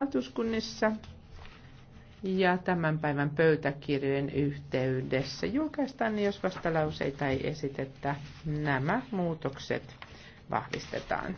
valtuuskunnissa ja tämän päivän pöytäkirjojen yhteydessä julkaistaan, niin jos vastalauseita ei esitetä, nämä muutokset vahvistetaan.